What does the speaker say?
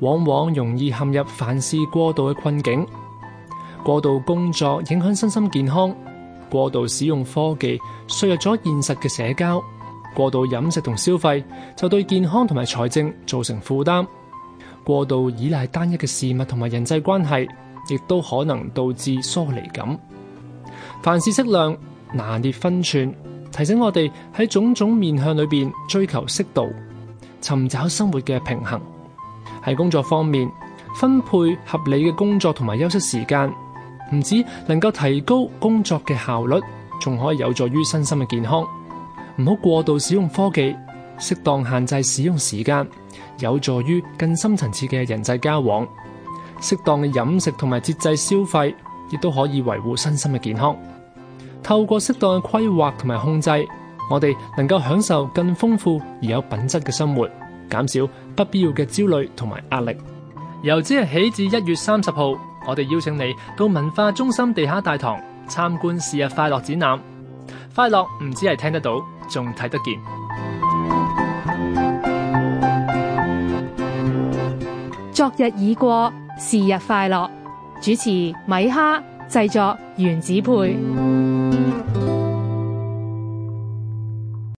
往往容易陷入凡事過度嘅困境，過度工作影響身心健康，過度使用科技削弱咗現實嘅社交，過度飲食同消費就對健康同埋財政造成負擔，過度依賴單一嘅事物同埋人際關係，亦都可能導致疏離感。凡事適量，拿捏分寸，提醒我哋喺種種面向裏邊追求適度，尋找生活嘅平衡。喺工作方面，分配合理嘅工作同埋休息時間，唔止能夠提高工作嘅效率，仲可以有助於身心嘅健康。唔好過度使用科技，適當限制使用時間，有助於更深層次嘅人際交往。適當嘅飲食同埋節制消費，亦都可以維護身心嘅健康。透過適當嘅規劃同埋控制，我哋能夠享受更豐富而有品質嘅生活。減少不必要嘅焦慮同埋壓力。由即日起至一月三十號，我哋邀請你到文化中心地下大堂參觀是日快樂展覽。快樂唔止係聽得到，仲睇得見。昨日已過，是日快樂。主持米哈，製作原子配。